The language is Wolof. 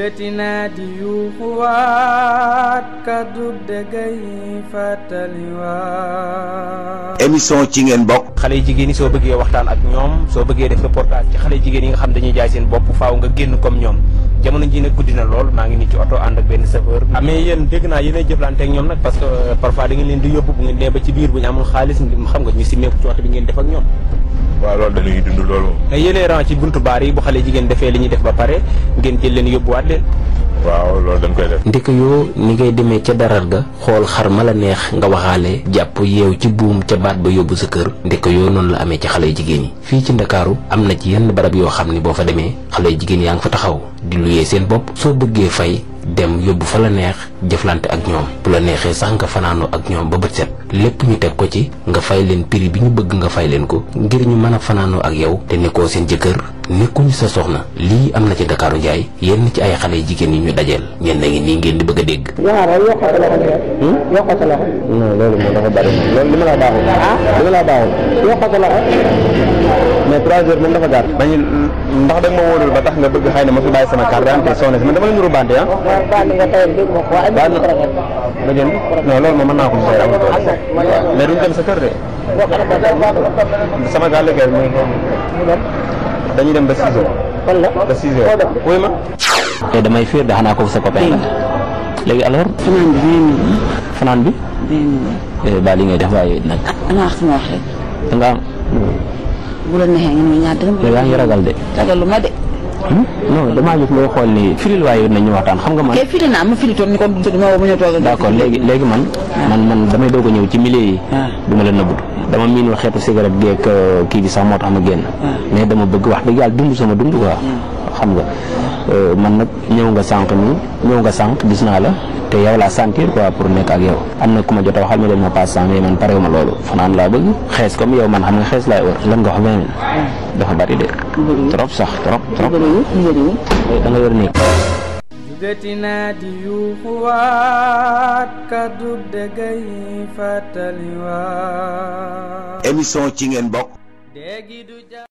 yëkkati naa di yuuxuwaat kaddu dëgg yi fàttaliwaat. émission ci ngeen bokk. xale yu jigéen ak ñoom soo bëggee def reportage ci xale jigéen yi nga xam dañuy jaay seen bopp faaw nga génn comme ñoom. jamono ji nag guddi na lool maa ngi nii ci oto ànd ak benn chauffeur. Ah, mais yéen dégg naa yéenay jëflante ak ñoom nag parce que euh, parfois da leen di yóbbu bu ngeen dee ba ci biir bu ñu amul xaalis xam nga ñu simmeeku ci oto bi ngeen def ak ñoom. waaw loolu dañuy dund loolu moom. mais ran ci buntu baar yi bu xale jigéen defee li def ba pare ngeen jël leen yóbbuwaat leen. waaw loolu dañ koy def. ndek yoo ni ngay demee ca darar ga xool xar ma la neex nga waxaale jàpp yeew ci buum ca baat ba yóbbu sa kër ndek yoo noonu la amee ci xale jigéen yi fii ci ndakaaru am na ci yenn barab yoo xam ne boo fa demee xale jigéen yaa ngi fa taxaw di luyee seen bopp soo bëggee fay dem yóbbu fa la neex jëflante ak ñoom bu la neexee sax nga fanaanoo ak ñoom ba bët set lépp ñu teg ko ci nga fay leen prix bi ñu bëgg nga fay leen ko ngir ñu mën a fanaanoo ak yow te nekkoo seen jëkkër nekkuñu sa soxna lii am na ci Ndakaaru Njaay yenn ci ay xale jigéen yi ñu dajeel ñen na ngi nii ngeen di bëgg a dégg. yow mais 3 heures moom dafa gàtt. dañuy ndax da ma wóorul ba tax nga bëgg xëy na ma fi bàyyi sama carte d'identité soxna si man dama la ñu rubante ah. waaw bànn ma ko waaye ma ko ragal. naa ko mos a yàlla amul tool ah, sama gàllankoor bi mu ngi foofu. dañuy dem ba 6 heures. kon la ba 6 heures ma. te damay féer de xanaa ko sa copain la. léegi alors. fanaan bi vingt mille. fanaan bi. vingt mille. baa li ngay def wax ah, rek. bu la neexee ngeen ñu ñaar dërëm. yow yaa ngi ragal de. ragalu ma de. Hmm? non damaa gis ngay xool ni firil waaye nañu waxtaan xam nga man. kay firi naa ma firi toon ni kon ma woo ma ñëw toog. d'accord léegi léegi man. Ah. man man damay doog a ñëw ci milieu yi. Ah. du ma la nëbbatu. dama miinul xeetu cigarette geeg euh, kii bi sax moo tax ma génn. Ah. mais dama bëgg wax dëgg yàlla dund sama dund quoi. Hmm. xam nga euh, man nag ñëw nga sànq ni ñëw nga sànq gis naa la te yow laa sentir quoi pour nekk ak yow am na ku ma jot a waxal ma leen ma passe sans mais man parewu ma loolu fanaan laa bëgg xees comme yow man xam nga xees laay wër lan nga wax beneen dafa bari de trop sax trop trop da nga yor nekk jugati ci ngeen bokk